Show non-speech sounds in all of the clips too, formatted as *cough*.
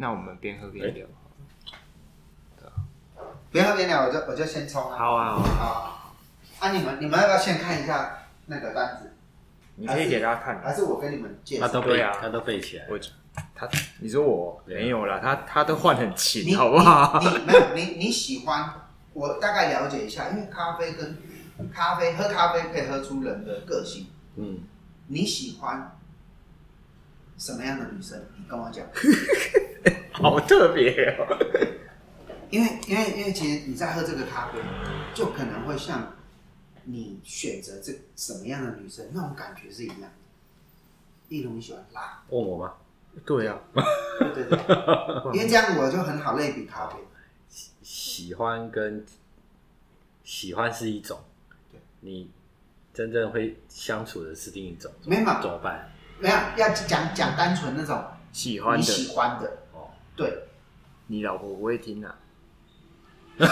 那我們邊喝邊聊好、欸，對，邊喝邊聊，我就我就先沖啊。好啊，好啊。那、啊、你們你們要不要先看一下那個單子？你可以給他看還，還是我跟你們介紹？他都背啊，對他都背起來他你說我沒有了，他他都換很勤，你好不好？你，你，你沒有你你喜歡 *laughs* 我大概了解一下，因為咖啡跟咖啡喝咖啡可以喝出人的個性。嗯，你喜歡什麼樣的女生？你跟我講。 *laughs* 好特別哦、喔！因為因為因為，其實你在喝這個咖啡，就可能會像你選擇這什麼樣的女生，那種感覺是一樣的。例如，你喜歡辣，問、哦、我嗎？對呀、啊、對對、對、對 *laughs* 因為這樣我就很好類比咖啡，喜喜歡跟喜歡是一種，對，你真正會相處的是另一種，沒辦法，怎麼辦？沒有要講講單純那種喜歡的喜歡的。對，你老婆不會聽啊！我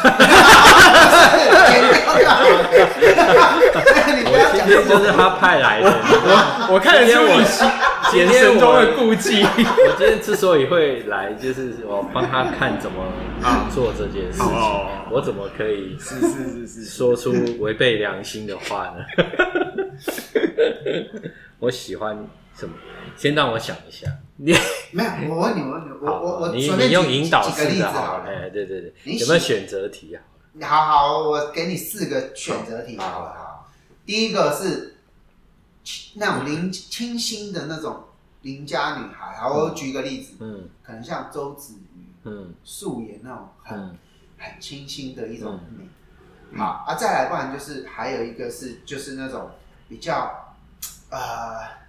今天就是他派來的。 *laughs* 我，我看得出我心，眼神中的顧忌。 *laughs* *laughs* 我之所以會來，就是我幫他看怎麼做這件事情。啊、我怎麼可以 *laughs* 是是是是說出違背良心的話呢？ *laughs* 我喜歡什麼？先讓我想一下。你沒有？我問你，我問你，我我我，你你用引導式好了，對對對，你什麼選擇題啊？好好，我給你四個選擇題好了。第一個是清那種鄰清新的那種鄰家女孩，好，我舉一個例子，嗯，可能像周子瑜，嗯，素顏那種很很清新的一種美。好啊，再來，不然就是還有一個是就是那種比較呃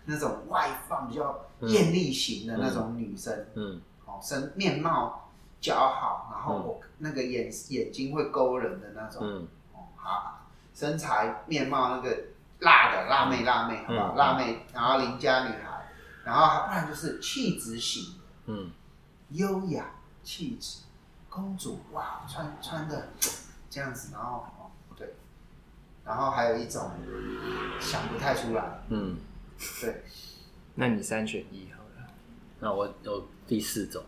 那種外放比較。豔麗型的那種女生，嗯，嗯哦，身面貌姣好，然後我那個眼、嗯、眼睛會勾人的那種，好、嗯哦啊，身材面貌那個辣的辣妹辣妹，嗯、好不好？嗯嗯、辣妹，然後鄰家女孩，然後還不然就是氣質型，嗯，優雅氣質，公主哇，穿穿的這樣子，然後哦對，然後還有一種想不太出來，嗯，對。那你三選一好了，那我有第四種，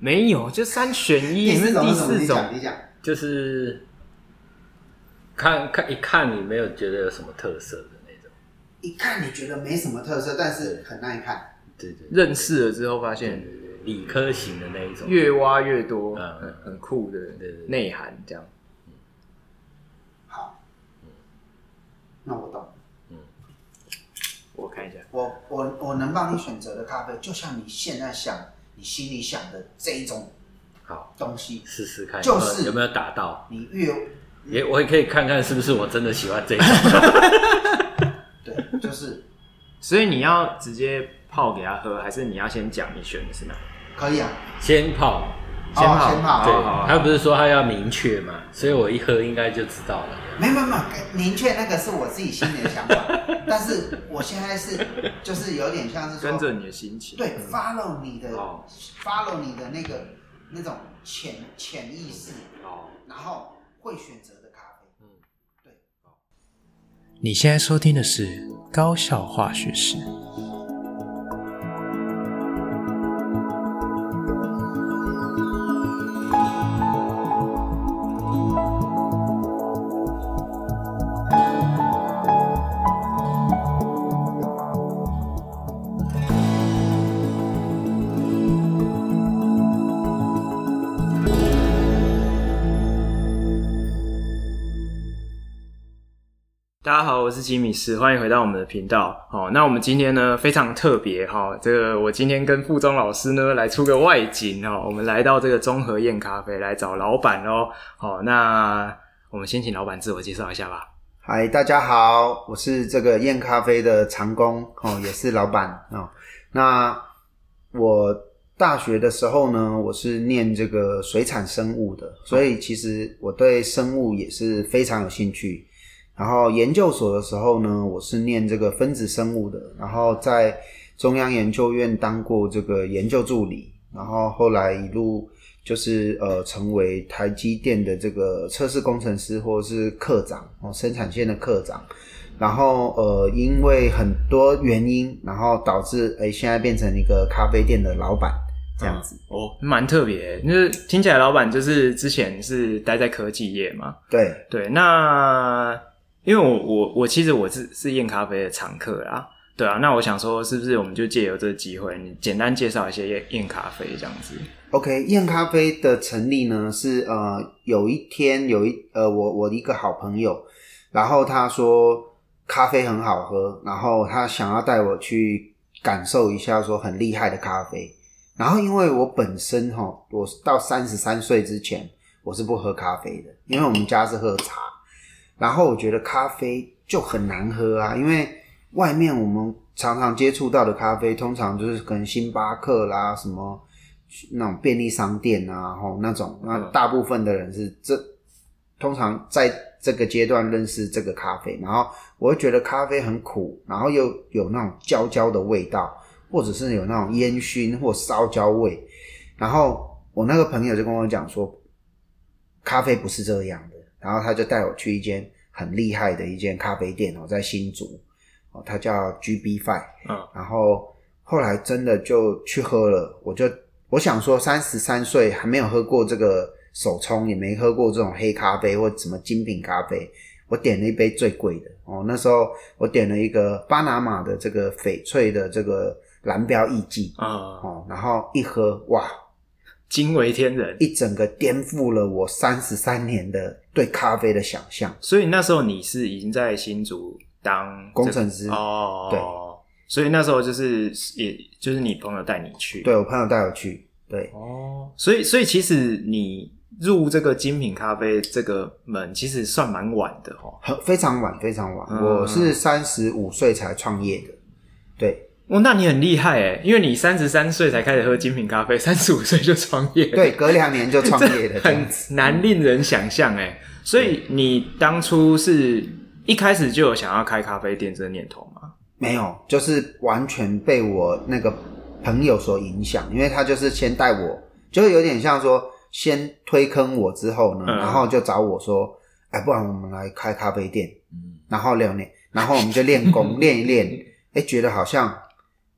沒有就三選一。第四種是什麼？你講，你講，就是看看一看你沒有覺得有什麼特色的那種，一看你覺得沒什麼特色，但是很耐看。對，對對，認識了之後發現對對對，理科型的那一種，越挖越多，嗯，很酷的內涵，這樣。對對對，好，那我懂。我看一下，我我我能幫你選擇的咖啡，就像你現在想，你心裡想的這一種好東西，試試看，就是有沒有打到你越也我也可以看看是不是我真的喜歡這一種，對，就是，所以你要直接泡給他喝，還是你要先講你選的是哪？可以啊，先泡，先泡，先泡，對，他不是說他要明確嘛，所以我一喝應該就知道了。沒有沒有明確，那個是我自己心裡的想法， *laughs* 但是我現在是就是有點像是說跟着你的心情，對、嗯、，follow 你的、嗯、，follow 你的那個那種潛潛意識，嗯、然後會選擇的咖啡，嗯，對哦、你現在收聽的是高效化學式。我是吉米師，歡迎回到我們的頻道。好、哦，那我們今天呢非常特別哈、哦，這個我今天跟復中老師呢來出個外景哦，我們來到這個中和豔咖啡來找老闆嘍。好、哦，那我們先請老闆自我介紹一下吧。嗨，大家好，我是這個豔咖啡的長工哦，也是老闆、 *laughs* 哦、那我大學的時候呢，我是念這個水產生物的，所以其實我對生物也是非常有興趣。然後研究所的時候呢，我是念這個分子生物的，然後在中央研究院當過這個研究助理，然後後來一路就是呃成為台積電的這個測試工程師或者是課長，哦，生產線的課長，然後呃因為很多原因，然後導致誒現在變成一個咖啡店的老闆這樣子哦，蠻特別，就是聽起來老闆就是之前是待在科技業嘛，對對那。因為我我我其實我是是豔咖啡的常客啊，對啊，那我想說，是不是我們就借由這個機會，你簡單介紹一些豔豔咖啡這樣子？OK，豔咖啡的成立呢是呃有一天有一呃我我一個好朋友，然後他說咖啡很好喝，然後他想要帶我去感受一下說很厲害的咖啡，然後因為我本身哈、哦，我到三十三歲之前我是不喝咖啡的，因為我們家是喝茶。然後我覺得咖啡就很難喝啊，因為外面我們常常接觸到的咖啡，通常就是跟星巴克啦、什麼那種便利商店啊，然後那種那大部分的人是這，通常在這個階段認識這個咖啡，然後我會覺得咖啡很苦，然後又有那種焦焦的味道，或者是有那種煙燻或燒焦味。然後我那個朋友就跟我講說，咖啡不是這樣的。然後他就帶我去一間很厲害的一間咖啡店哦，在新竹哦，它叫 GB Five、哦。然後後來真的就去喝了，我就我想說，三十三歲還沒有喝過這個手沖，也沒喝過這種黑咖啡或什麼精品咖啡，我點了一杯最貴的哦。那時候我點了一個巴拿馬的這個翡翠的這個藍標藝妓啊哦，然後一喝哇，驚為天人，一整個顛覆了我三十三年的。對咖啡的想象，所以那時候你是已經在新竹當、這個、工程師哦，對，所以那時候就是也，也就是你朋友帶你去，對我朋友帶我去，對，哦，所以，所以其實你入這個精品咖啡這個門，其實算蠻晚的哦，很非常晚，非常晚，嗯、我是三十五歲才創業的，對。哦，那你很厲害哎，因為你三十三歲才開始喝精品咖啡，三十五歲就創業了，對，隔兩年就創業的， *laughs* 很難令人想象哎。所以你當初是一開始就有想要開咖啡店這個念頭嗎？沒有，就是完全被我那個朋友所影響，因為他就是先帶我，就有點像說先推坑我之後呢，然後就找我說，哎、嗯，不然我們來開咖啡店，嗯，然後兩年，然後我們就練功練一練，哎、 *laughs* 欸，覺得好像。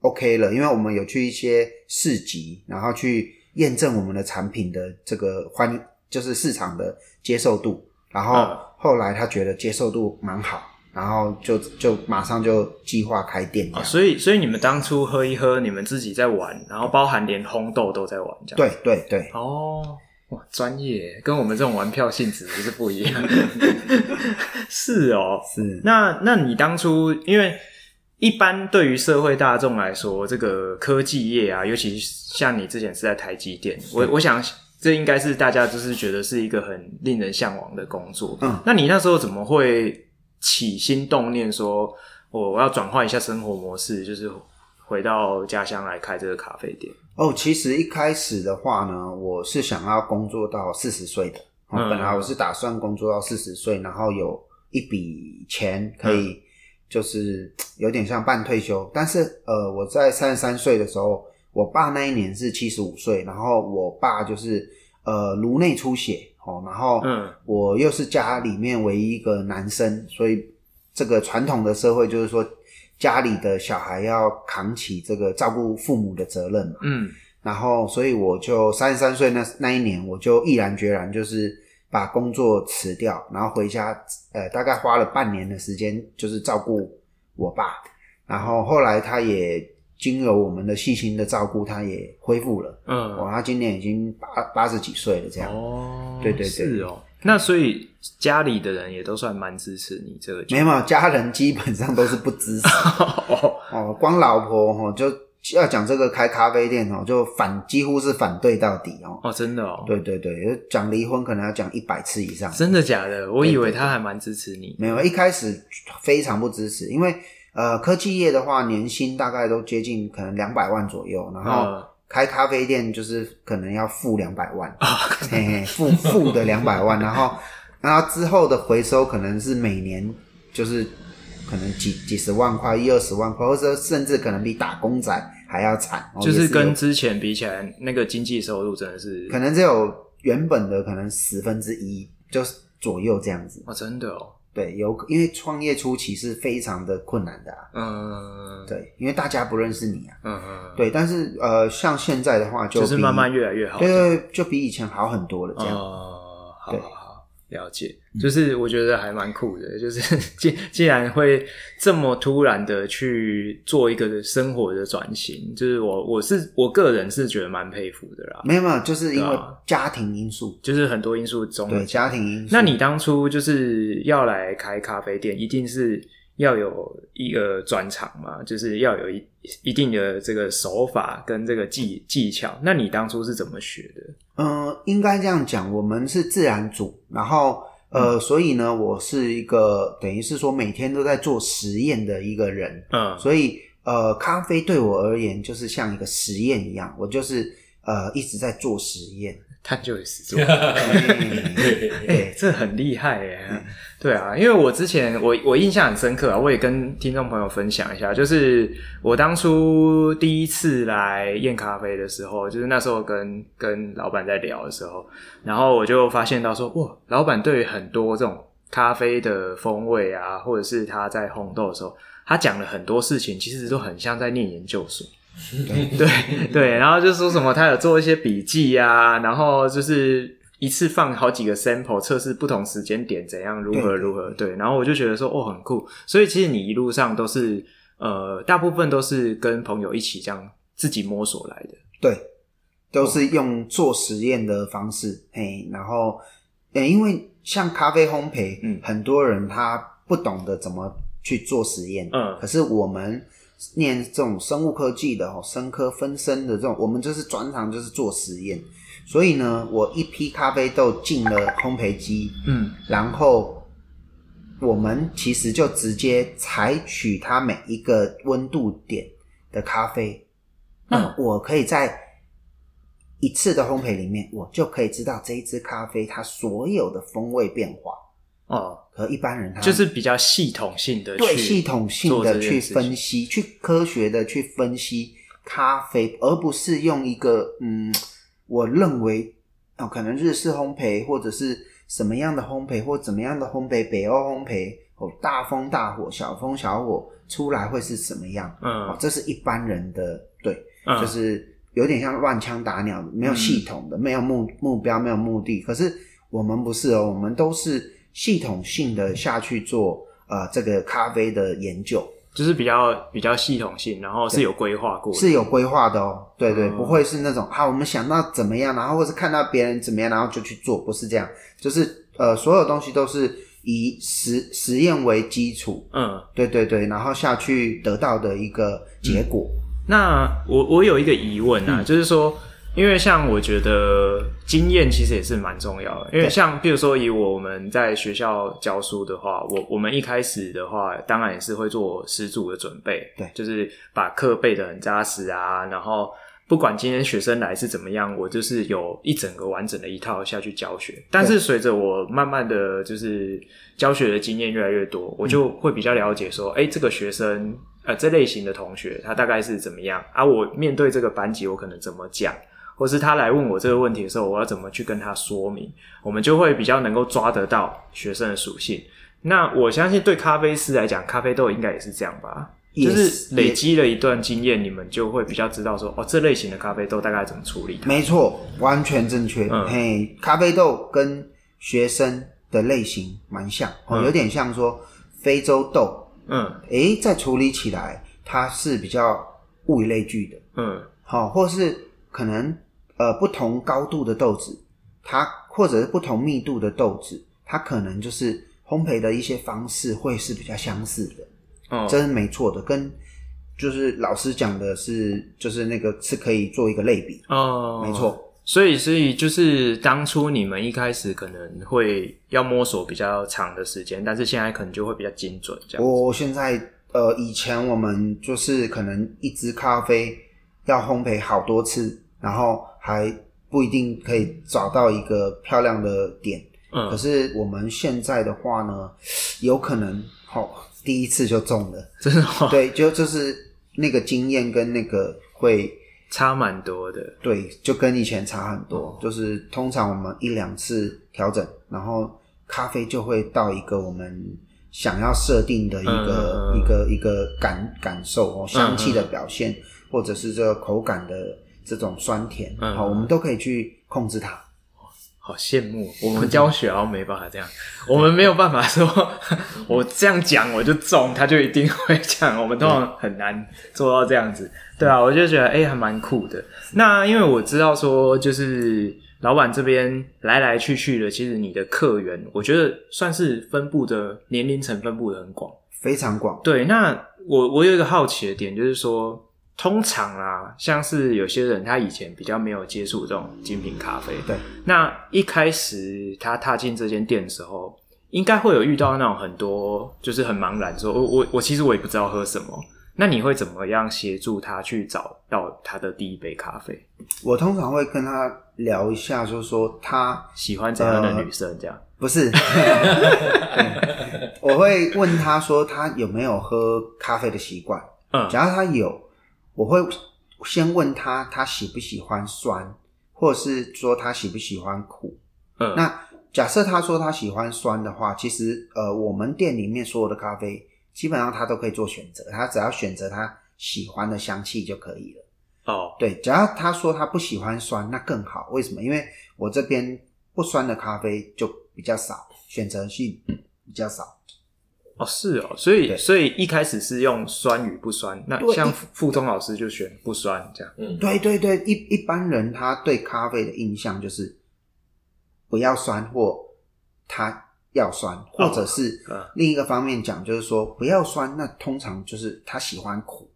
OK 了，因為我們有去一些市集，然後去驗證我們的產品的這個就是市場的接受度。然後後來他覺得接受度蠻好，然後就就馬上就計劃開店。了、啊、所以所以你們當初喝一喝，你們自己在玩，然後包含連烘豆都在玩，這樣子。對。對對對。哦，哇，專業，跟我們這種玩票性質是不一樣。 *laughs* *laughs* 是哦，是。那那你當初因為。一般對於社會大眾來說，這個科技業啊，尤其像你之前是在台積電，是我我想這應該是大家就是覺得是一個很令人向往的工作。嗯，那你那時候怎麼會起心動念說，我要轉換一下生活模式，就是回到家鄉來開這個咖啡店？哦，其實一開始的話呢，我是想要工作到四十歲的，哦，嗯啊，本來我是打算工作到四十歲，然後有一筆錢可以，嗯。就是有點像半退休，但是呃，我在三十三歲的時候，我爸那一年是七十五歲，然後我爸就是呃顱內出血，哦，然後我又是家裡面唯一一個男生，所以這個傳統的社會就是說家裡的小孩要扛起這個照顧父母的責任，嗯，然後所以我就三十三歲那那一年，我就毅然決然就是。把工作辭掉，然後回家，呃，大概花了半年的時間，就是照顧我爸。然後後來他也經由我們的細心的照顧，他也恢復了。嗯、哦，他今年已經八八十幾歲了，這樣。哦，對對對，是哦。那所以家裡的人也都算蠻支持你這個，沒有，家人基本上都是不支持。 *laughs* 哦，光老婆哦就。要講這個開咖啡店喔，就反，幾乎是反對到底喔。哦，真的哦。對對對，講離婚可能要講一百次以上。真的假的？我以為他還蠻支持你。對對對。沒有，一開始非常不支持，因為呃，科技業的話，年薪大概都接近可能兩百萬左右，然後開咖啡店就是可能要付兩百萬，哦。欸，付，付的兩百萬， *laughs* 然後然後之後的回收可能是每年就是可能幾幾十萬塊，一二十萬塊，或者甚至可能比打工仔。還要慘，哦、就是跟之前比起來，那個經濟收入真的是可能只有原本的可能十分之一，10, 就左右這樣子。哦，真的哦。對，有因為創業初期是非常的困難的啊。嗯對，因為大家不認識你啊。嗯嗯哼。對，但是呃，像現在的話就，就是慢慢越來越好。對,對,對，就比以前好很多了，這樣。哦、嗯，好好,好，了解。就是我覺得還蠻酷的，就是既既然會這麼突然的去做一個生活的轉型，就是我我是我個人是覺得蠻佩服的啦。沒有沒有，就是因為家庭因素，啊、就是很多因素中對，家庭因素。那你當初就是要來開咖啡店，一定是要有一個專長嘛，就是要有一一定的這個手法跟這個技技巧。那你當初是怎麼學的？嗯、呃，應該這樣講，我們是自然組，然後。呃，所以呢，我是一個等於是說每天都在做實驗的一個人，嗯，所以呃，咖啡對我而言就是像一個實驗一樣，我就是呃一直在做實驗。看，就是做。哎、 *laughs* 欸，這很厲害哎、啊！對啊，因為我之前我我印象很深刻啊，我也跟聽眾朋友分享一下，就是我當初第一次來豔咖啡的時候，就是那時候跟跟老板在聊的時候，然後我就發現到說，哇，老板對於很多這種咖啡的風味啊，或者是他在烘豆的時候，他講了很多事情，其實都很像在念研究所。 *laughs* 對對，然後就說什麼他有做一些筆記呀、啊，然後就是一次放好幾個 sample 測試不同時間點怎樣如何如何。對，對，對，對，然後我就覺得說哦，很酷，所以其實你一路上都是呃大部分都是跟朋友一起這樣自己摸索來的。對，都是用做實驗的方式，嗯、嘿，然後、欸、因為像咖啡烘焙，嗯、很多人他不懂得怎麼去做實驗，嗯，可是我們。念這種生物科技的哦，生科分生的這種，我們就是專長就是做實驗，所以呢，我一批咖啡豆進了烘焙機，嗯，然後我們其實就直接採取它每一個溫度點的咖啡，嗯，那我可以在一次的烘焙裡面，我就可以知道這一支咖啡它所有的風味變化。哦，和一般人他就是比較系統性的對，系統性的去分析，去科學的去分析咖啡，而不是用一個嗯，我認為哦，可能日式烘焙或者是什麼樣的烘焙或怎麼樣的烘焙，北歐烘焙哦，大風大火，小風小火出來會是什麼樣？嗯。哦，這是一般人的對，嗯。就是有點像亂槍打鳥，沒有系統的，嗯。沒有目目標，沒有目的。可是我們不是哦，我們都是。系統性的下去做，呃，這個咖啡的研究，就是比較比較系統性，然後是有規劃過，是有規劃的哦、喔。對對、對，嗯、不會是那種，啊，我們想到怎麼樣，然後或是看到別人怎麼樣，然後就去做，不是這樣，就是呃，所有東西都是以實實驗為基礎。嗯，對對對，然後下去得到的一個結果。嗯、那我我有一個疑問啊，嗯、就是說。因為像我覺得經驗其實也是蠻重要的。因為像比如說，以我們在學校教書的話，我我們一開始的話，當然也是會做十足的準備，對，就是把課備得很扎實啊。然後不管今天學生來是怎麼樣，我就是有一整個完整的一套下去教學。但是隨着我慢慢的就是教學的經驗越來越多，我就會比較了解說，哎、嗯，這個學生呃這類型的同學他大概是怎麼樣？啊，我面對這個班級我可能怎麼講？或是他來問我這個問題的時候，我要怎麼去跟他說明？我們就會比較能夠抓得到學生的屬性。那我相信對咖啡師來講，咖啡豆應該也是這樣吧？Yes, 就是累積了一段經驗，也你們就會比較知道說，哦，這類型的咖啡豆大概怎麼處理？沒錯，完全正確。嗯、嘿，咖啡豆跟學生的類型蠻像、嗯、哦，有點像說非洲豆。嗯，哎、欸，在處理起來，它是比較物以類聚的。嗯，好、哦，或是可能。呃，不同高度的豆子，它或者是不同密度的豆子，它可能就是烘焙的一些方式會是比較相似的，哦，這是沒錯的，跟就是老師講的是，就是那個是可以做一個類比，哦，沒錯。所以，所以就是當初你們一開始可能會要摸索比較長的時間，但是現在可能就會比較精準，這樣子。我現在呃，以前我們就是可能一支咖啡要烘焙好多次，然後。還不一定可以找到一個漂亮的點，嗯、可是我們現在的話呢，有可能哈、哦，第一次就中了，真是哦、對，就就是那個經驗跟那個會差蠻多的，對，就跟以前差很多。嗯、就是通常我們一兩次調整，然後咖啡就會到一個我們想要設定的一個嗯嗯嗯一個一個感感受哦，香氣的表現，嗯嗯或者是這個口感的。這種酸甜，嗯，好，我們都可以去控制它。嗯、好羨慕，我們教學然後 *laughs* 沒辦法這樣，我們沒有辦法說， *laughs* 我這樣講我就中，他就一定會講，我們通常很難做到這樣子。對啊，我就覺得誒、欸、還蠻酷的。那因為我知道說，就是老闆這邊來來去去的，其實你的客源，我覺得算是分布的年齡層分布的很廣，非常廣。對，那我我有一個好奇的點，就是說。通常啊，像是有些人他以前比較沒有接觸這種精品咖啡，對。那一開始他踏進這間店的時候，應該會有遇到那種很多就是很茫然說，說我我我其實我也不知道喝什麼。那你會怎麼樣協助他去找到他的第一杯咖啡？我通常會跟他聊一下，就是說他喜歡怎樣的女生，這樣、呃、不是 *laughs* *laughs* 我會問他說他有沒有喝咖啡的習慣。嗯，假如他有。我會先問他，他喜不喜歡酸，或者是說他喜不喜歡苦。嗯，那假設他說他喜歡酸的話，其實呃，我們店裡面所有的咖啡基本上他都可以做選擇，他只要選擇他喜歡的香氣就可以了。好，對，只要他說他不喜歡酸，那更好。為什麼？因為我這邊不酸的咖啡就比較少，選擇性比較少。哦，是哦，所以對所以一開始是用酸與不酸，那像復中老師就選不酸這樣。嗯，對對對，一一般人他對咖啡的印象就是不要酸或他要酸，或者是另一個方面講，就是說不要酸，那通常就是他喜歡苦。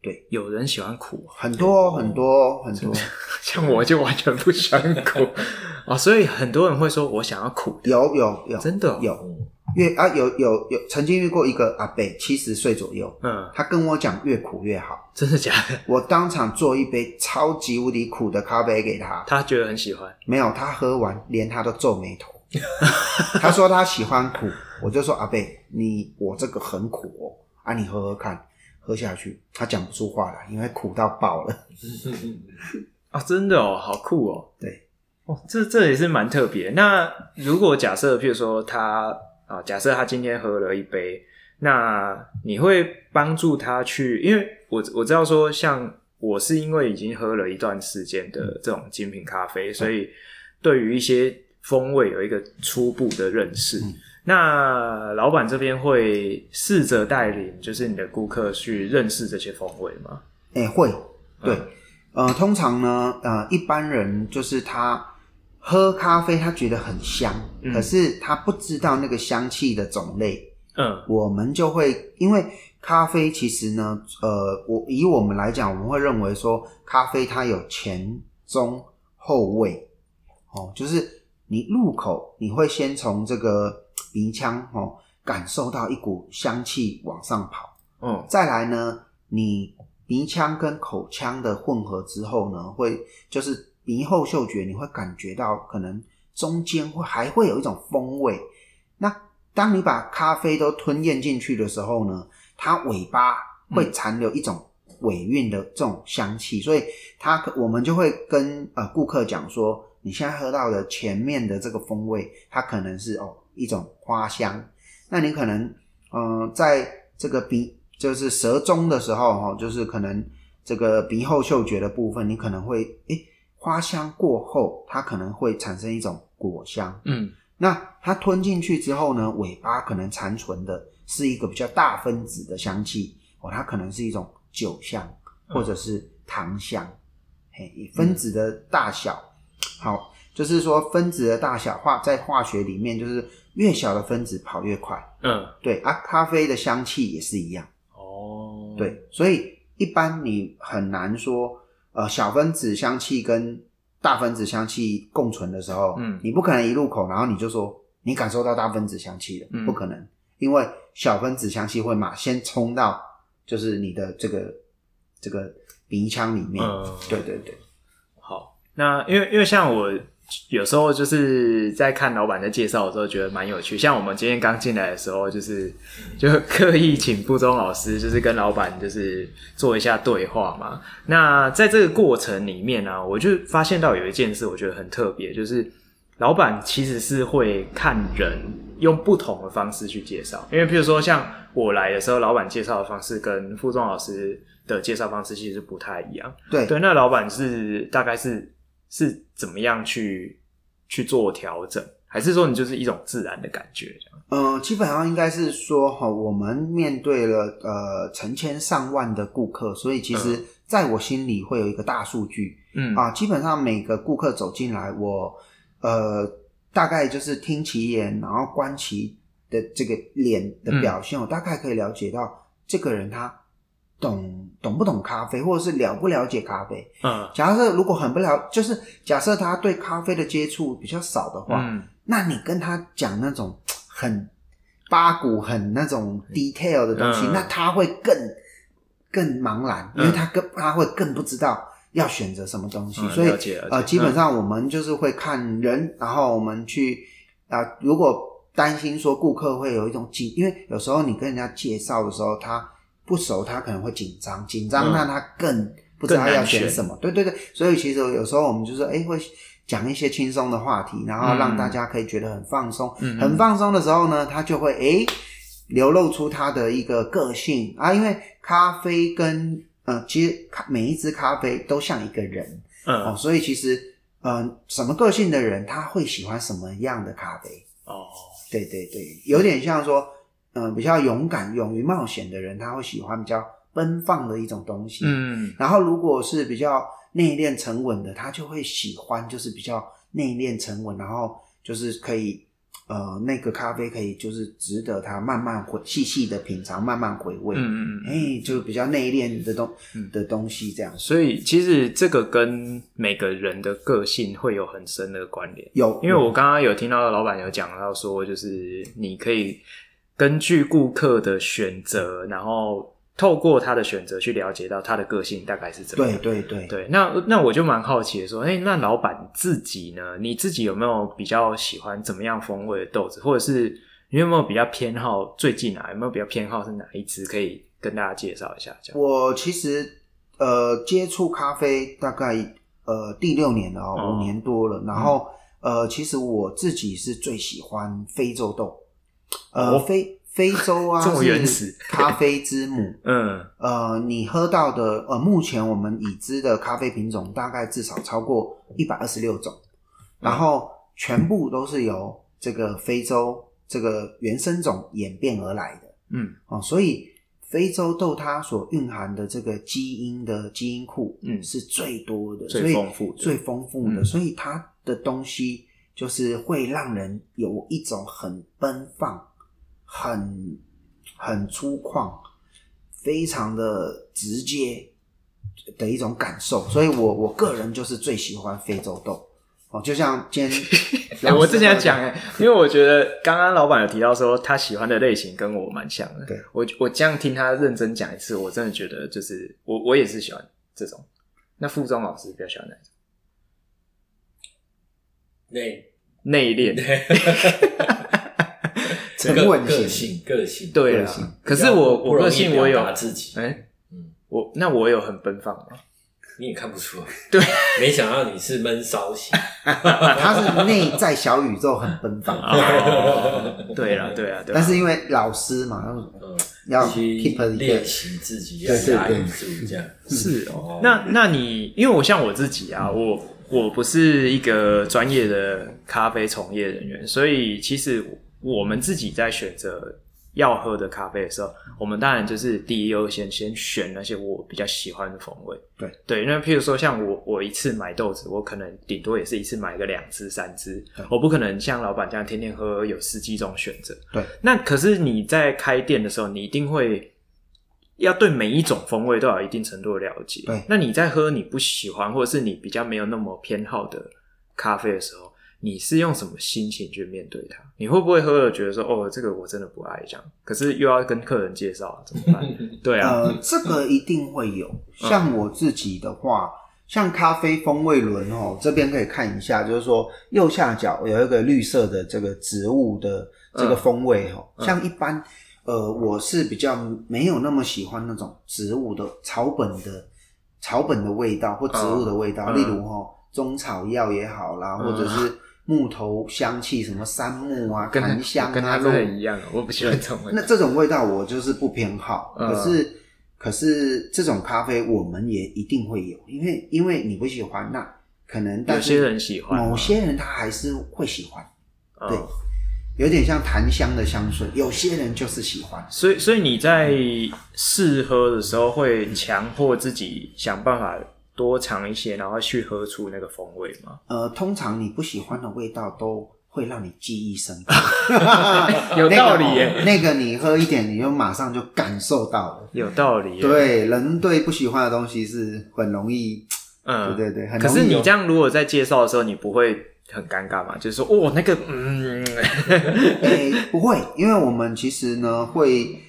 對，有人喜歡苦、啊，很多、哦、對很多很、哦、多，是是像我就完全不喜歡苦啊、 *laughs* 哦，所以很多人會說我想要苦，有，有有有，真的、哦、有。越啊，有有有，曾經遇過一個阿伯七十歲左右，嗯，他跟我講越苦越好，真的假的？我當場做一杯超級無敵苦的咖啡給他，他覺得很喜歡。沒有，他喝完連他都皺眉頭， *laughs* 他說他喜歡苦，我就說阿伯，你我這個很苦哦，啊，你喝喝看，喝下去，他講不出話了，因為苦到爆了。啊，真的哦，好酷哦，對，哦，這這也是蠻特別。那如果假設，譬如說他啊，假設他今天喝了一杯，那你會幫助他去，因為我我知道說，像我是因為已經喝了一段時間的這種精品咖啡，所以對於一些風味有一個初步的認識。嗯、那老闆這邊會試着帶領，就是你的顧客去認識這些風味嗎？哎、欸，會。對，嗯、呃，通常呢，呃，一般人就是他。喝咖啡，他覺得很香，嗯、可是他不知道那個香氣的種類。嗯，我們就會因為咖啡其實呢，呃，我以我們來講，我們會認為說，咖啡它有前中後味，哦，就是你入口，你會先從這個鼻腔，哦，感受到一股香氣往上跑，嗯，再來呢，你鼻腔跟口腔的混合之後呢，會就是。鼻後嗅覺，你會感覺到可能中間會還會有一種風味。那當你把咖啡都吞咽進去的時候呢，它尾巴會殘留一種尾韻的這種香氣，嗯、所以它我們就會跟呃顧客講說，你現在喝到的前面的這個風味，它可能是哦一種花香。那你可能嗯、呃、在這個鼻就是舌中的時候哈、哦，就是可能這個鼻後嗅覺的部分，你可能會誒。花香過後，它可能會產生一種果香。嗯，那它吞進去之後呢，尾巴可能殘存的是一個比較大分子的香氣。哦，它可能是一種酒香或者是糖香。嗯、嘿，分子的大小，嗯、好，就是說分子的大小化在化學裡面，就是越小的分子跑越快。嗯，對啊，咖啡的香氣也是一樣。哦，對，所以一般你很難說。呃，小分子香氣跟大分子香氣共存的時候，嗯，你不可能一入口，然後你就說你感受到大分子香氣了，嗯，不可能，因為小分子香氣會馬先衝到，就是你的這個這個鼻腔裡面，嗯，對對對，好，那因為因為像我。有時候就是在看老闆在介紹的時候，覺得蠻有趣。像我們今天剛進來的時候，就是就刻意請復中老師，就是跟老闆就是做一下對話嘛。那在這個過程裡面呢、啊，我就發現到有一件事，我覺得很特別，就是老闆其實是會看人，用不同的方式去介紹。因為譬如說像我來的時候，老闆介紹的方式跟復中老師的介紹方式其實不太一樣。對對，那老闆是大概是。是怎麼樣去去做調整，還是說你就是一種自然的感覺這樣？嗯、呃，基本上應該是說哈、哦，我們面對了呃成千上萬的顧客，所以其實在我心裡會有一個大數據，嗯啊，基本上每個顧客走進來，我呃大概就是聽其言，然後觀其的這個臉的表現，嗯、我大概可以了解到這個人他懂懂不懂咖啡，或者是了不了解咖啡？嗯，假設如果很不了，就是假設他對咖啡的接觸比較少的話，嗯，那你跟他講那種很八股、很那種 detail 的東西，嗯、那他會更更茫然，嗯、因為他更他會更不知道要選擇什麼東西。所以、嗯、呃，基本上我們就是會看人，嗯、然後我們去啊、呃，如果擔心說顧客會有一種急，因為有時候你跟人家介紹的時候，他。不熟，他可能會緊張，緊張讓他更不知道要選什麼。嗯、對對對，所以其實有時候我們就說、是，哎，會講一些輕鬆的話題，然後讓大家可以覺得很放鬆。嗯，很放鬆的時候呢，他就會哎流露出他的一個個性啊。因為咖啡跟嗯、呃，其實每一支咖啡都像一個人。嗯，哦，所以其實嗯、呃，什麼個性的人，他會喜歡什麼樣的咖啡？哦，對對對，有點像說。嗯嗯，比較勇敢、勇於冒險的人，他會喜歡比較奔放的一種東西。嗯，然後如果是比較內斂、沉穩的，他就會喜歡就是比較內斂、沉穩，然後就是可以，呃，那個咖啡可以就是值得他慢慢回細細的品嘗，慢慢回味。嗯嗯嗯，哎、嗯，就比較內斂的東、嗯、的東西這樣。所以其實這個跟每個人的個性會有很深的關聯。有，因為我剛剛有聽到老板有講到說，就是你可以。根據顧客的選擇，然後透過他的選擇去了解到他的個性大概是怎麼樣。對對對，對，那那我就蠻好奇的說，誒，欸，那老闆自己呢？你自己有沒有比較喜歡怎麼樣風味的豆子，或者是你有沒有比較偏好最近啊？有沒有比較偏好是哪一支？可以跟大家介紹一下這樣。我其實呃接觸咖啡大概呃第六年了喔，嗯，五年多了。然後呃，其實我自己是最喜歡非洲豆，呃，非非洲啊，這麼原始，是咖啡之母， *laughs* 嗯，呃，你喝到的，呃，目前我們已知的咖啡品種大概至少超過一百二十六種，嗯、然後全部都是由這個非洲、嗯、這個原生種演變而來的，嗯，哦、呃，所以非洲豆它所蘊含的這個基因的基因庫，嗯，嗯，是最多的，最豐富的，最最豐富的，最豐富的，所以它的東西。就是會讓人有一種很奔放、很很粗獷、非常的直接的一種感受，所以我我個人就是最喜歡非洲豆哦，就像今天， *laughs* 我之前講， *laughs* 因為我覺得剛剛老闆有提到說他喜歡的類型跟我蠻像的，對，我我這樣聽他認真講一次，我真的覺得就是我我也是喜歡這種。那復中老師比較喜歡哪一種？對。內練，哈哈哈哈，個性，個性，對啊。可是我，我個性我有，哎，我那我有很奔放嗎？你也看不出來，對，沒想到你是悶騷型，他是內在小宇宙很奔放啊，對了對啊，但是因為老師嘛，要要 keep 練習自己，要對對對，這樣是哦。那那你，因為我像我自己啊，我。我不是一個專業的咖啡從業人員，所以其實我們自己在選擇要喝的咖啡的時候，我們當然就是第一優先先選那些我比較喜歡的風味。對對，那譬如說像我，我一次買豆子，我可能頂多也是一次買個兩支、三支對，我不可能像老闆這樣天天喝，有十幾種選擇。對，那可是你在開店的時候，你一定會。要對每一種風味都有一定程度的了解。對那你在喝你不喜歡或者是你比較沒有那麼偏好的咖啡的時候，你是用什麼心情去面對它？你會不會喝了覺得說哦，這個我真的不愛這樣？可是又要跟客人介紹，怎麼辦？ *laughs* 對啊、呃，這個一定會有。像我自己的話，嗯、像咖啡風味輪哦、喔，這邊可以看一下，就是說右下角有一個綠色的這個植物的這個風味哦、喔，嗯、像一般。呃，我是比較沒有那麼喜歡那種植物的草本的草本的味道或植物的味道，嗯、例如哈、哦、中草藥也好啦，嗯、或者是木頭香氣，什麼杉木啊、檀香啊、跟它都一樣，我，我不喜歡這種味道。那這種味道我就是不偏好，嗯、可是可是這種咖啡我們也一定會有，因為因為你不喜歡，那可能有些人喜歡，某些人他還是會喜歡，嗯、對。有點像檀香的香水，有些人就是喜歡。所以，所以你在試喝的時候，會強迫自己想辦法多嘗一些，然後去喝出那個風味嗎？呃，通常你不喜歡的味道，都會讓你記憶深刻。 *laughs* *laughs* 有道理耶，那個哦，那個你喝一點，你就馬上就感受到了。有道理耶，對，人對不喜歡的東西是很容易，嗯，對對對，很容易。可是你這樣如果在介紹的時候，你不會。很尷尬嘛，就是說哦，那個，嗯，哎，欸，不會，因為我們其實呢會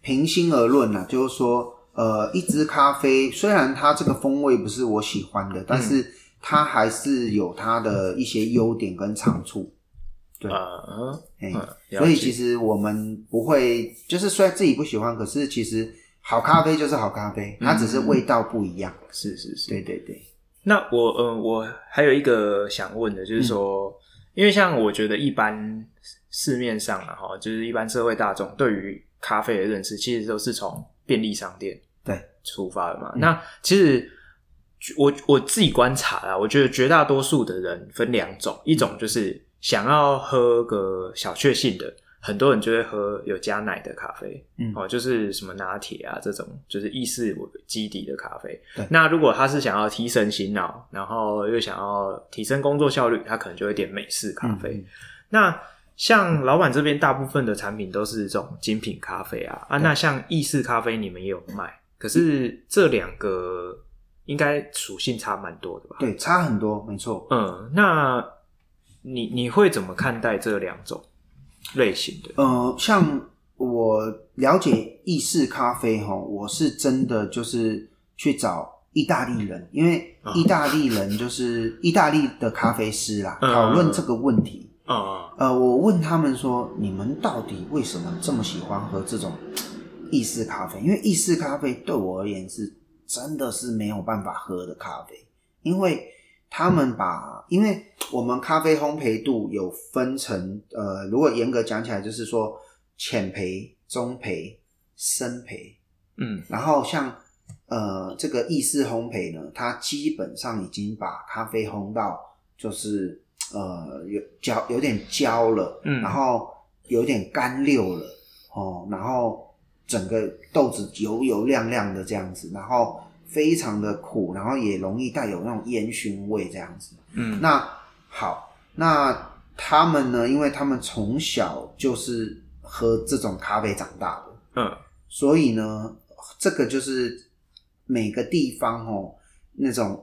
平心而論啦，啊，就是說，呃，一支咖啡雖然它這個風味不是我喜歡的，但是它還是有它的一些優點跟長處，對，嗯嗯，對，所以其實我們不會，就是雖然自己不喜歡，可是其實好咖啡就是好咖啡，它只是味道不一樣，嗯，是是是，對對對。那我呃，我還有一個想問的，就是說，嗯、因為像我覺得一般市面上啊，哈，就是一般社會大眾對於咖啡的認識，其實都是從便利商店對出發的嘛。嗯、那其實我我自己觀察啦，我覺得絕大多數的人分兩種，一種就是想要喝個小確幸的。很多人就會喝有加奶的咖啡，嗯、哦，就是什麼拿鐵啊這種，就是意式基底的咖啡。對那如果他是想要提神醒腦，然後又想要提升工作效率，他可能就會點美式咖啡。嗯、那像老闆這邊大部分的產品都是這種精品咖啡啊，對啊，那像意式咖啡你們也有賣，可是這兩個應該屬性差蠻多的吧？對，差很多，沒錯。嗯，那你你會怎麼看待這兩種？類型的，呃，像我了解意式咖啡吼，我是真的就是去找意大利人，因為意大利人就是意大利的咖啡師啦，討論、嗯、這個問題。啊、嗯，嗯、呃，我問他們說，你們到底為什麼這麼喜歡喝這種意式咖啡？因為意式咖啡對我而言是真的是沒有辦法喝的咖啡，因為。他們把，因為我們咖啡烘焙度有分成，呃，如果嚴格講起來，就是說淺焙、中焙、深焙，嗯，然後像呃這個意式烘焙呢，它基本上已經把咖啡烘到就是呃有焦有點焦了，嗯，然後有點乾溜了，哦，然後整個豆子油油亮亮的這樣子，然後。非常的苦，然後也容易帶有那種煙燻味這樣子。嗯，那好，那他們呢？因為他們從小就是喝這種咖啡長大的，嗯，所以呢，這個就是每個地方哦，那種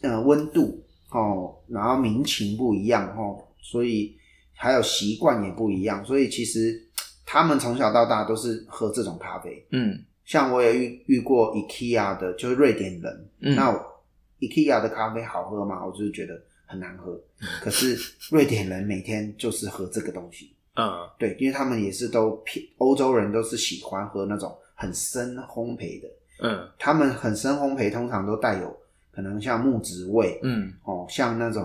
呃溫度哦，然後民情不一樣哦，所以還有習慣也不一樣，所以其實他們從小到大都是喝這種咖啡，嗯。像我也遇遇過 IKEA 的，就是瑞典人。嗯。那 IKEA 的咖啡好喝嗎？我就是覺得很難喝。可是瑞典人每天就是喝這個東西。嗯。對，因為他們也是都歐洲人，都是喜歡喝那種很深烘焙的。嗯。他們很深烘焙，通常都帶有可能像木質味。嗯。哦，像那種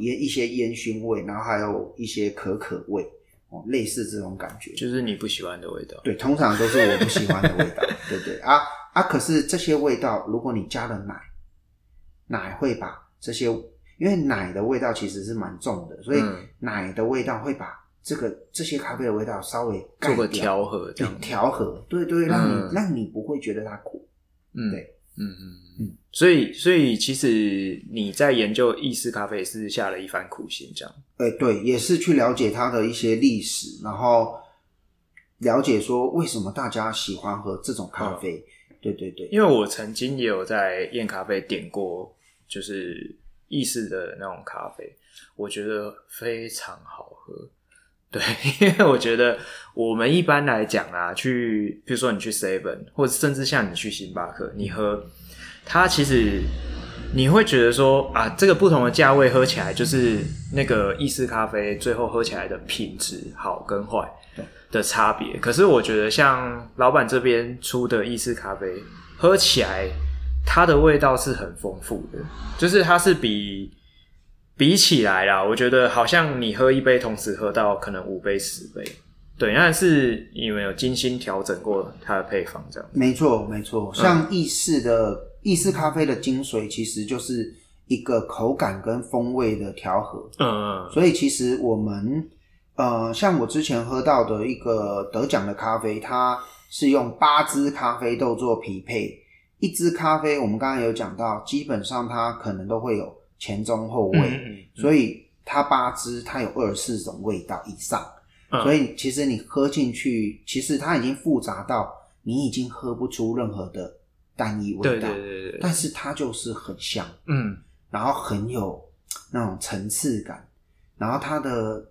煙、呃、一些煙熏味，然後還有一些可可味。哦，類似這種感覺，就是你不喜歡的味道。對，通常都是我不喜歡的味道， *laughs* 對不對，對？啊啊！可是這些味道，如果你加了奶，奶會把這些，因為奶的味道其實是蠻重的，所以奶的味道會把這個這些咖啡的味道稍微做個調和，這樣，調和，對對，讓你、嗯、讓你不會覺得它苦，嗯，對。嗯嗯嗯，所以所以其實你在研究意式咖啡是下了一番苦心，這樣？哎、欸，對，也是去了解它的一些歷史，然後了解說為什麼大家喜歡喝這種咖啡。好對對對，因為我曾經也有在豔咖啡點過，就是意式的那種咖啡，我覺得非常好喝。對，因為我覺得我們一般來講啊，去譬如說你去 seven，或者甚至像你去星巴克，你喝它，其實你會覺得說啊，這個不同的價位喝起來，就是那個意式咖啡最後喝起來的品質好跟壞的差別。嗯、可是我覺得像老闆這邊出的意式咖啡，喝起來它的味道是很豐富的，就是它是比。比起來了，我覺得好像你喝一杯，同時喝到可能五杯十杯，對，那是你有沒有精心調整過它的配方，這樣子？沒錯，沒錯。像意式的意式、嗯、咖啡的精髓，其實就是一個口感跟風味的調和，嗯，嗯。嗯。所以其實我們，呃，像我之前喝到的一個得獎的咖啡，它是用八支咖啡豆做匹配，一支咖啡我們剛剛有講到，基本上它可能都會有。前中後味，嗯、所以它八支，它有二十四種味道以上，嗯、所以其實你喝進去，其實它已經複雜到你已經喝不出任何的單一味道，對對對對。但是它就是很香，嗯、然後很有那種層次感，然後它的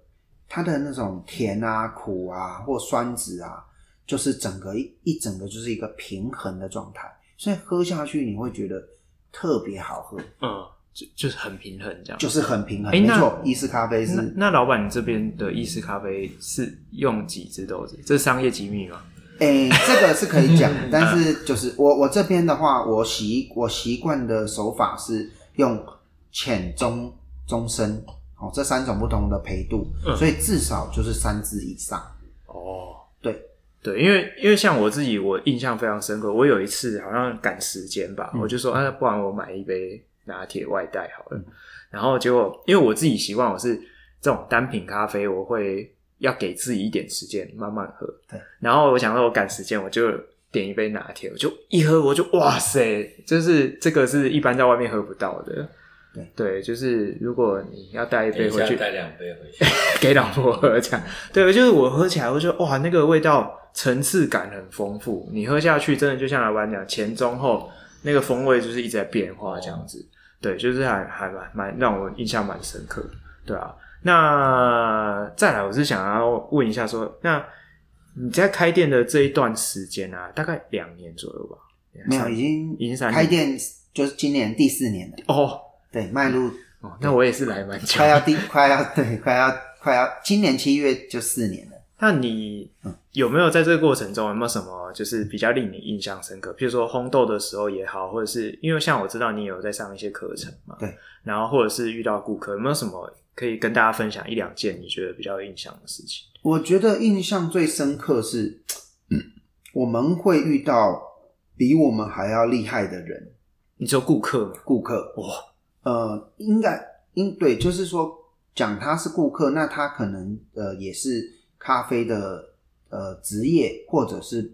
它的那種甜啊、苦啊或酸質啊，就是整個一整個就是一個平衡的狀態，所以喝下去你會覺得特別好喝，嗯。就，就是、就是很平衡，這樣就是很平衡。沒錯，意式咖啡是那，那老闆，你這邊的意式咖啡是用幾支豆子？這是商業機密嗎？哎、欸，這個是可以講， *laughs* 但是就是我我這邊的話，我習我習慣的手法是用淺中中深哦，這三種不同的焙度，嗯、所以至少就是三支以上。哦，對對，因為因為像我自己，我印象非常深刻。我有一次好像趕時間吧，嗯、我就說，哎、啊，不然我買一杯。拿鐵外帶好了，嗯、然後結果因為我自己習慣，我是這種單品咖啡，我會要給自己一點時間慢慢喝。對、嗯，然後我想說，我趕時間，我就點一杯拿鐵，我就一喝我就哇塞，就是這個是一般在外面喝不到的。嗯、對，就是如果你要帶一杯回去，等一下帶兩杯回去 *laughs* 給老婆喝起來，這樣、嗯、對，就是我喝起來，我就哇，那個味道層次感很豐富，你喝下去真的就像老闆講前中後那個風味就是一直在變化這樣子。嗯嗯對，就是還還蠻蠻讓我印象蠻深刻，對啊。那再來，我是想要問一下，說，那你在開店的這一段時間啊，大概兩年左右吧？沒有，已經開店就是今年第四年了。哦，對，邁入、嗯、哦，那我也是來蠻久的，快，快要第快要對快要快要今年七月就四年了。那你嗯。有沒有在這個過程中有沒有什麼就是比較令你印象深刻？譬如說烘豆的時候也好，或者是因為像我知道你有在上一些課程嘛，對。然後或者是遇到顧客，有沒有什麼可以跟大家分享一兩件你覺得比較有印象的事情？我覺得印象最深刻是，嗯，我們會遇到比我們還要厲害的人。你說顧客嗎？顧客？哇，呃，應該，應，對就是說講他是顧客，那他可能呃也是咖啡的。呃，職業或者是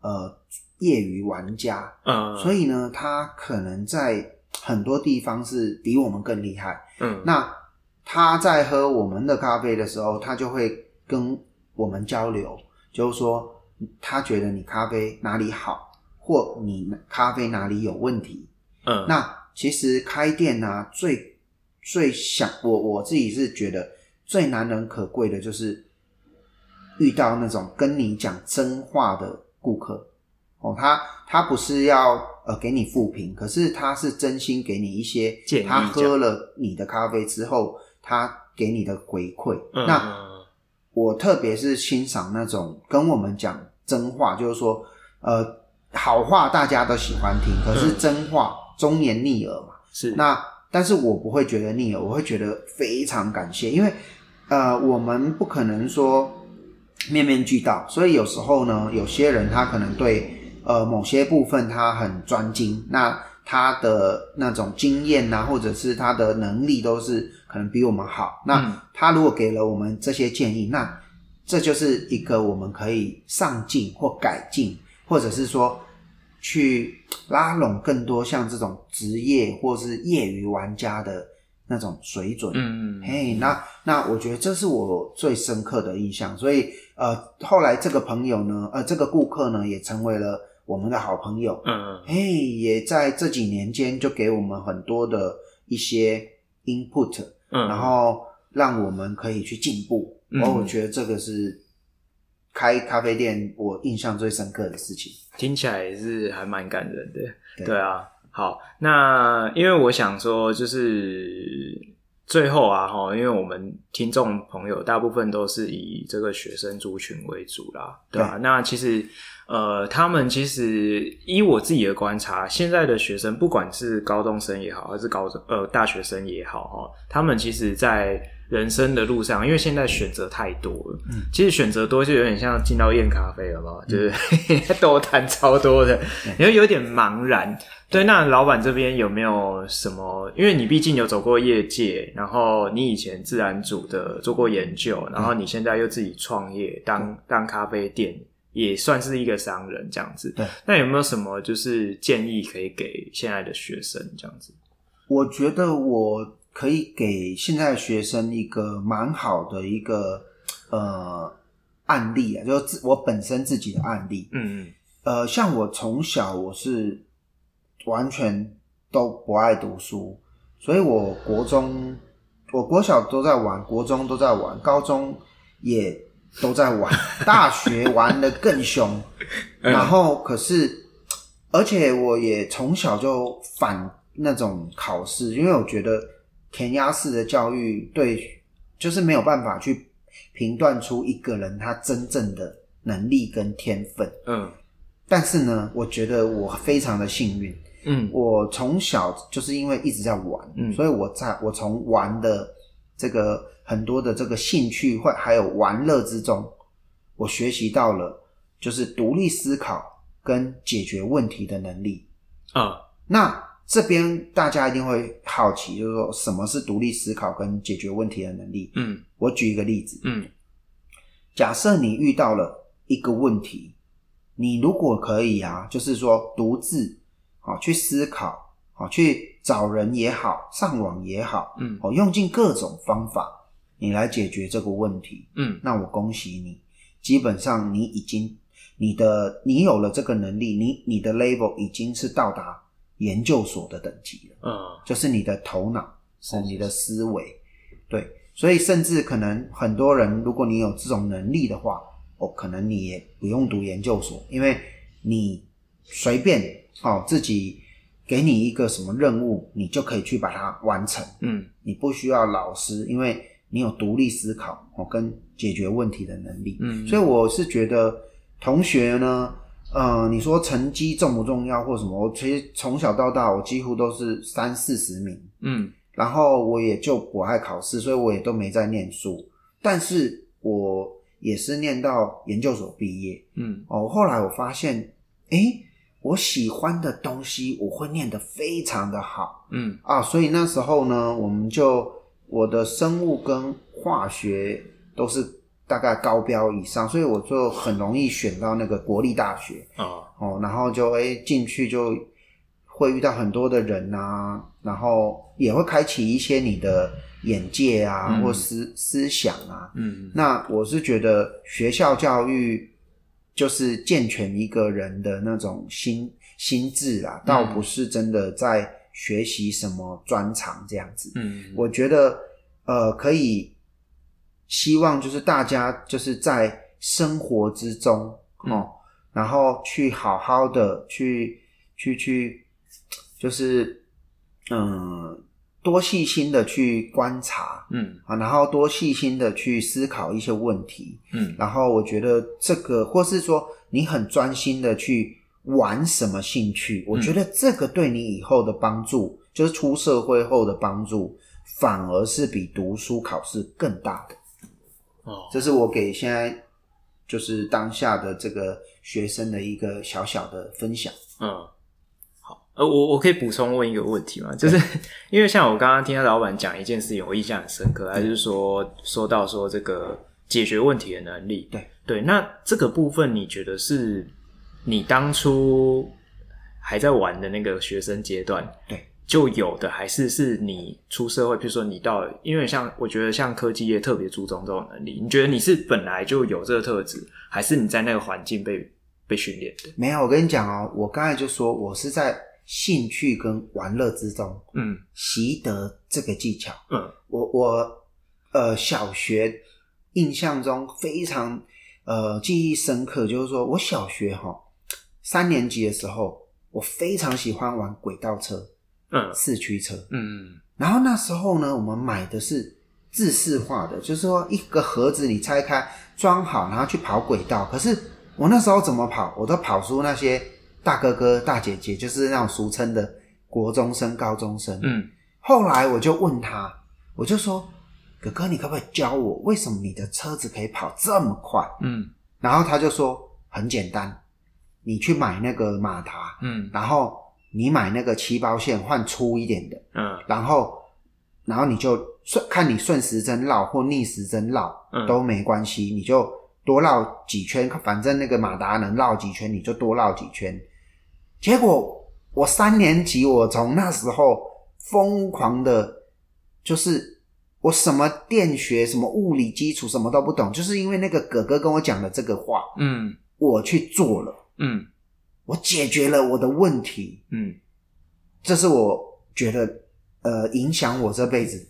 呃業餘玩家，嗯，所以呢，他可能在很多地方是比我們更厲害，嗯。那他在喝我們的咖啡的時候，他就會跟我們交流，就是說他覺得你咖啡哪裡好，或你咖啡哪裡有問題，嗯。那其實開店呢，啊，最最想我我自己是覺得最難能可貴的就是。遇到那種跟你講真話的顧客，哦，他他不是要呃給你負評，可是他是真心給你一些建議，他喝了你的咖啡之後，他給你的回饋。嗯、那我特別是欣賞那種跟我們講真話，就是說，呃，好話大家都喜歡聽，可是真話忠言逆耳嘛。是那，但是我不會覺得逆耳，我會覺得非常感謝，因為呃，我們不可能說。面面俱到，所以有時候呢，有些人他可能對呃某些部分他很專精，那他的那種經驗吶、啊，或者是他的能力都是可能比我們好。那他如果給了我們這些建議，嗯、那這就是一個我們可以上進或改進，或者是說去拉攏更多像這種職業或是業餘玩家的。那種水準，嗯嗯，嘿、hey，那那我覺得這是我最深刻的印象，所以呃，後來這個朋友呢，呃，這個顧客呢，也成為了我們的好朋友，嗯嗯，嘿，hey，也在這幾年間就給我們很多的一些 input，嗯，然後讓我們可以去進步，嗯，我，我覺得這個是開咖啡店我印象最深刻的事情，聽起來也是還蠻感人的，對，對啊。好，那因為我想說，就是最後啊，哈，因為我們聽眾朋友大部分都是以這個學生族群為主啦，對吧，啊？嗯，那其實。呃，他們其實依我自己的觀察，現在的學生不管是高中生也好，還是高中呃大學生也好，哈，他們其實，在人生的路上，因為現在選擇太多了，嗯、其實選擇多就有點像進到豔咖啡了嘛，就是、嗯、 *laughs* 都談超多的，你會有點茫然。對，那老闆這邊有沒有什麼？因為你畢竟有走過業界，然後你以前自然組的做過研究，然後你現在又自己創業，當、嗯、當咖啡店。也算是一個商人這樣子，對。那有沒有什麼就是建議可以給現在的學生這樣子？我覺得我可以給現在的學生一個蠻好的一個呃案例啊，就是我本身自己的案例。嗯。呃，像我從小我是完全都不愛讀書，所以我國中、我國小都在玩，國中都在玩，高中也。都在玩，大學玩得更兇， *laughs* 然後可是，而且我也從小就反那種考試，因為我覺得填鴨式的教育對就是沒有辦法去評斷出一個人他真正的能力跟天分。嗯，但是呢，我覺得我非常的幸運。嗯，我從小就是因為一直在玩，嗯，所以我在我從玩的這個。很多的這個興趣或還有玩樂之中，我學習到了就是獨立思考跟解決問題的能力啊。那這邊大家一定會好奇，就是說什麼是獨立思考跟解決問題的能力？哦、能力嗯，我舉一個例子，嗯，嗯，假設你遇到了一個問題，你如果可以啊，就是說獨自好、哦、去思考，好、哦、去找人也好，上網也好，嗯，哦、用盡各種方法。你來解決這個問題，嗯，那我恭喜你，基本上你已經，你的你有了這個能力，你你的 label 已經是到達研究所的等級了，嗯，就是你的頭腦是，哦，是你的思維，對，所以甚至可能很多人，如果你有這種能力的話，哦，可能你也不用讀研究所，因為你隨便哦自己給你一個什麼任務，你就可以去把它完成，嗯，你不需要老師，因為。你有獨立思考哦，跟解決問題的能力。嗯，所以我是覺得同學呢，嗯、呃，你說成績重不重要或什麼？我其實從小到大，我幾乎都是三四十名。嗯，然後我也就不愛考試，所以我也都沒在念書。但是我也是念到研究所畢業。嗯，哦，後來我發現，誒、欸，我喜歡的東西，我會念得非常的好。嗯啊，所以那時候呢，我們就。我的生物跟化學都是大概高標以上，所以我就很容易選到那個國立大學哦，哦，然後就誒進去就會遇到很多的人啊，然後也會開啟一些你的眼界啊，嗯、或思、嗯、思想啊，嗯，那我是覺得學校教育就是健全一個人的那種心心智啊，倒不是真的在。學習什麼專長這樣子，嗯，我覺得，呃，可以希望就是大家就是在生活之中，哦，嗯、然後去好好的去去去，就是嗯、呃，多細心的去觀察，嗯，啊，然後多細心的去思考一些問題，嗯，然後我覺得這個，或是說你很專心的去。玩什麼興趣？我覺得這個對你以後的幫助，嗯、就是出社會後的幫助，反而是比讀書考試更大的。哦，這是我給現在就是當下的這個學生的一個小小的分享。嗯，好，呃，我我可以補充問一個問題嗎？就是對因為像我剛剛聽他老闆講一件事情，我印象很深刻，對還就是說說到說這個解決問題的能力。對對，那這個部分你覺得是？你當初還在玩的那個學生階段，對，就有的還是是你出社會，譬如說你到，因為像我覺得像科技業特別注重這種能力。你覺得你是本來就有這個特質，還是你在那個環境被被訓練的？沒有，我跟你講喔，我剛才就說我是在興趣跟玩樂之中，嗯，習得這個技巧。嗯，我我呃，小學印象中非常呃記憶深刻，就是說我小學齁。三年級的時候，我非常喜歡玩軌道車，嗯，四驅車，嗯，然後那時候呢，我們買的是制式化的，就是說一個盒子你拆開裝好，然後去跑軌道。可是我那時候怎麼跑，我都跑輸那些大哥哥大姐姐，就是那種俗稱的國中生高中生。嗯。後來我就問他，我就說：“哥哥，你可不可以教我，為什麼你的車子可以跑這麼快？”嗯。然後他就說：“很簡單。”你去買那個馬達，嗯，然後你買那個漆包線，換粗一點的，嗯，然後，然後你就順，看你順時針繞或逆時針繞都沒關係，嗯，你就多繞幾圈，反正那個馬達能繞幾圈，你就多繞幾圈。結果我三年級，我從那時候瘋狂的，就是我什麼電學、什麼物理基礎什麼都不懂，就是因為那個哥哥跟我講了這個話，嗯，我去做了。嗯，我解決了我的問題。嗯，這是我覺得呃影響我這輩子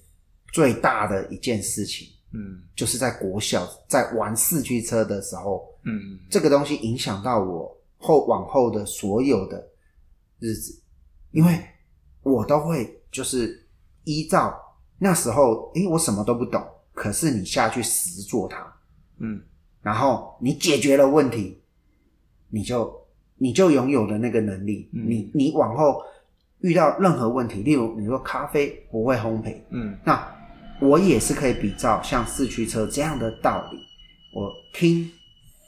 最大的一件事情。嗯，就是在國小在玩四驅車的時候，嗯，嗯這個東西影響到我後往後的所有的日子，因為我都會就是依照那時候，誒、欸，我什麼都不懂，可是你下去實做它，嗯，然後你解決了問題。你就你就擁有的那個能力，嗯、你你往後遇到任何問題，例如你說咖啡不會烘焙，嗯，那我也是可以比照像四驅車這樣的道理，我聽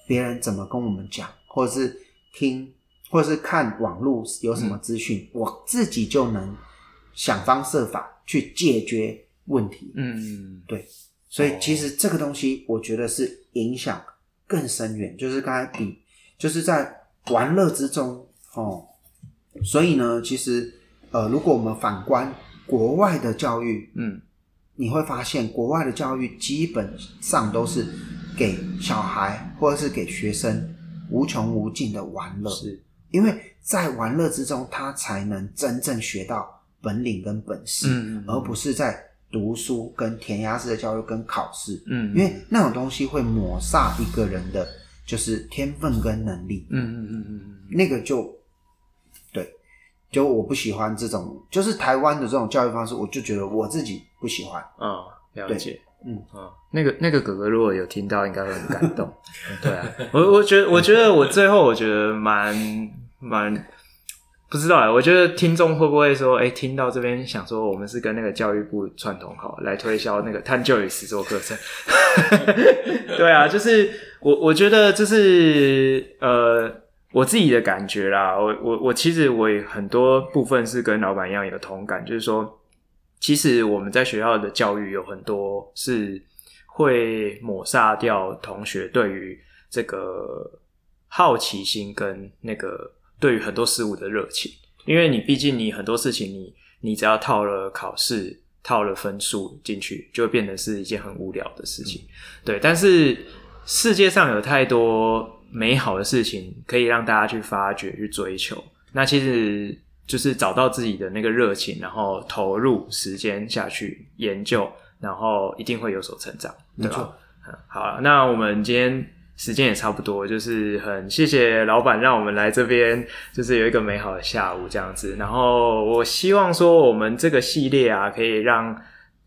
別人怎麼跟我們講，或者是聽，或者是看網絡有什麼資訊，嗯、我自己就能想方設法去解決問題。嗯，嗯對，所以其實這個東西，我覺得是影響更深遠，就是剛才比。就是在玩樂之中哦，所以呢，其實呃，如果我們反觀國外的教育，嗯，你會發現國外的教育基本上都是給小孩或者是給學生無窮無盡的玩樂，是，因為在玩樂之中，他才能真正學到本領跟本事，嗯嗯，而不是在讀書跟填鴨式的教育跟考試，嗯，嗯，因為那種東西會抹煞一個人的。就是天分跟能力，嗯嗯嗯嗯，嗯嗯嗯那個就對，就我不喜歡這種，就是台灣的這種教育方式，我就覺得我自己不喜歡。啊、哦，了解，對嗯啊，哦、那個那個哥哥如果有聽到，應該會很感動。 *laughs* 嗯、對啊，我我覺得我覺得我最後我覺得蠻 *laughs* 蠻。不知道哎，我覺得聽眾會不會說，誒，聽到這邊想說，我們是跟那個教育部串通好來推銷那個探究與實作課程？ *laughs* 對啊，就是我，我覺得就是呃，我自己的感覺啦。我我我其實我也很多部分是跟老闆一樣有同感，就是說，其實我們在學校的教育有很多是會抹殺掉同學對於這個好奇心跟那個。對於很多事物的熱情，因為你畢竟你很多事情你，你你只要套了考試、套了分數進去，就會變得是一件很無聊的事情。嗯、對，但是世界上有太多美好的事情可以讓大家去發掘、去追求。那其實就是找到自己的那個熱情，然後投入時間下去研究，然後一定會有所成長。沒錯、對吧、嗯、好了，那我們今天。時間也差不多，就是很謝謝老闆讓我們來這邊，就是有一個美好的下午這樣子。然後我希望說我們這個系列啊，可以讓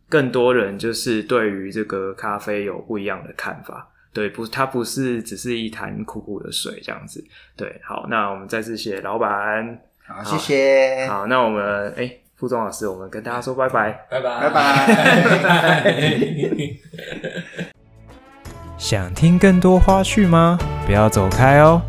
更多人就是對於這個咖啡有不一樣的看法，對不？它不是只是一潭苦苦的水這樣子。對，好，那我們再次謝謝老闆，好，好謝謝好，好，那我們哎，復、欸、中老師，我們跟大家說拜拜，拜拜， *laughs* 拜拜。 *laughs* 想聽更多花絮嗎？不要走開哦。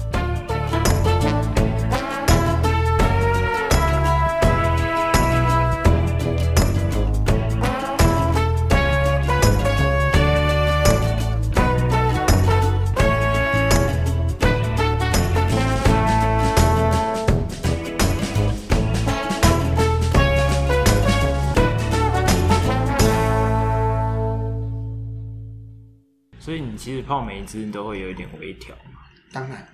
泡每一支都會有一點微調嘛，當然，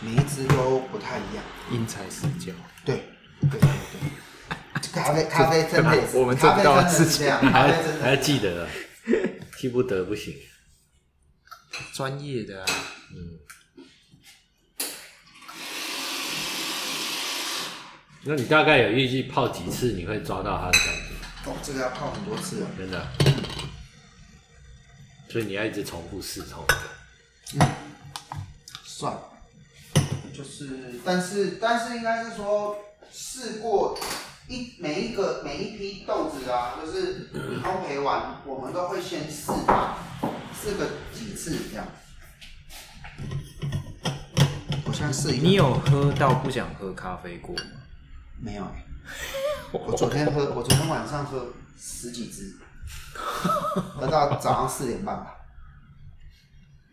每一支都不太一樣，因材施教。對，對對對，對 *laughs* 咖啡咖啡真的我們真到之前還要還記得還記得記不得，不行。專業的啊，嗯。那你大概有預計泡幾次，你會抓到它的感覺？哦，這個要泡很多次了、嗯，真的、啊。所以你要一直重複試錯。嗯，算了，就是。但是但是應該是說，試過一每一個每一批豆子啊，就是你烘焙完，嗯、我們都會先試吧，試個幾次這樣。我先試一下。你有喝到不想喝咖啡過嗎？沒有、欸我昨天喝，我昨天晚上喝十幾支，喝到早上四點半吧。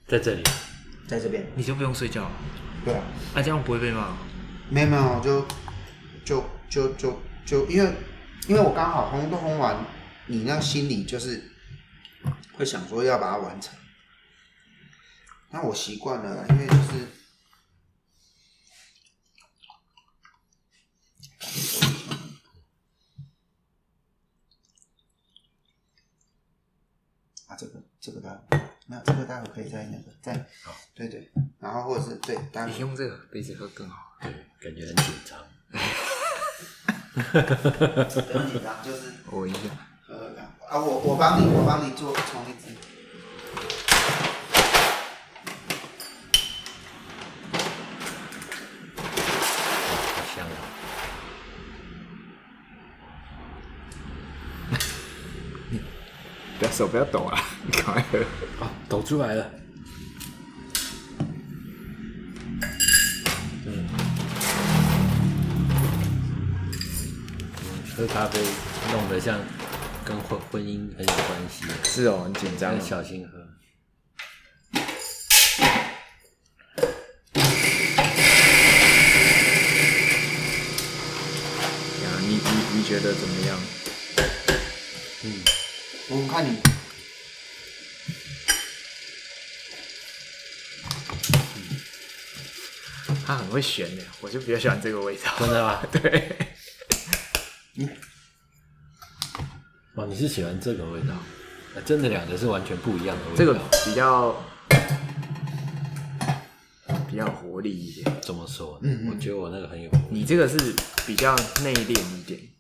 在這裡，在這邊，你就不用睡覺了。對啊，那、啊、這樣不會被罵嗎？沒有沒有，就就就就就，因為因為我剛好烘都烘完，你那心裡就是會想說要把它完成。那我習慣了，因為就是。這個待會，那這個待會可以再那個再。好對對，然後或者是對，你用這個杯子喝更好，嗯，對，感覺很緊張。哈哈哈哈哈哈！很緊張就是。我一下喝看啊！我我幫你，我幫你做沖一支。手不要抖啊！你趕快喝。哦，抖出來了嗯。嗯，喝咖啡弄得像跟婚婚姻很有關係。是哦，很緊張，很很小心喝。呀、嗯啊，你你你覺得怎麼樣？嗯。我們看你。他、嗯、很會選的，我就比較喜歡這個味道。真的嗎？對。嗯。哇，你是喜歡這個味道？啊、真的，兩個是完全不一樣的味道。這個比較比較活力一點。怎麼說呢？嗯嗯，我覺得我那個很有活力。你這個是比較內斂一點。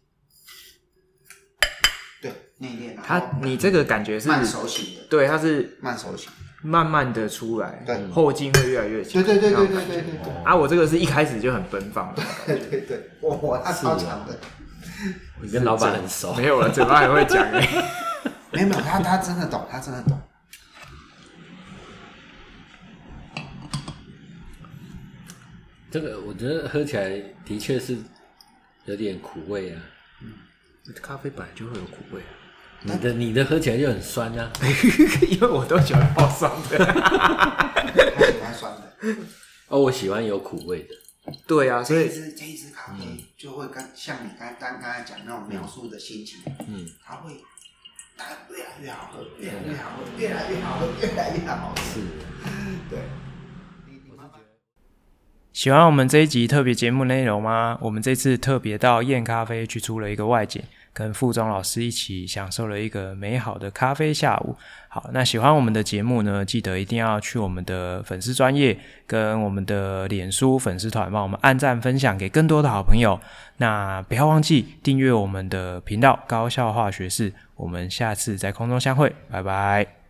他，你這個感覺是慢熟悉的，對，他是慢熟型，慢慢的出來，後勁會越來越強。對對對啊，我這個是一開始就很奔放。對對對，我我超強的。我跟老闆很熟。沒有了，嘴巴還會講。沒有，沒有，他他真的懂，他真的懂。這個我覺得喝起來的確是有點苦味啊。嗯，咖啡本來就會有苦味啊。但 你的你的喝起來就很酸呢。啊，因為我都喜歡泡酸的，喜歡酸的。哦，我喜歡有苦味的。對啊，所以這一支咖啡就會跟、嗯、像你剛剛剛才講的那種描述的心情，嗯，它會，它越來越好，越來越好，越來越好喝，越來越好喝，是的。對。喜歡我們這一集特別節目內容嗎？我們這次特別到豔咖啡去出了一個外景。跟復中老師一起享受了一個美好的咖啡下午。好，那喜歡我們的節目呢，記得一定要去我們的粉絲專頁跟我們的臉書粉絲團，幫我們按讚分享給更多的好朋友。那不要忘記訂閱我們的頻道《高效化學士》。我們下次在空中相會，拜拜。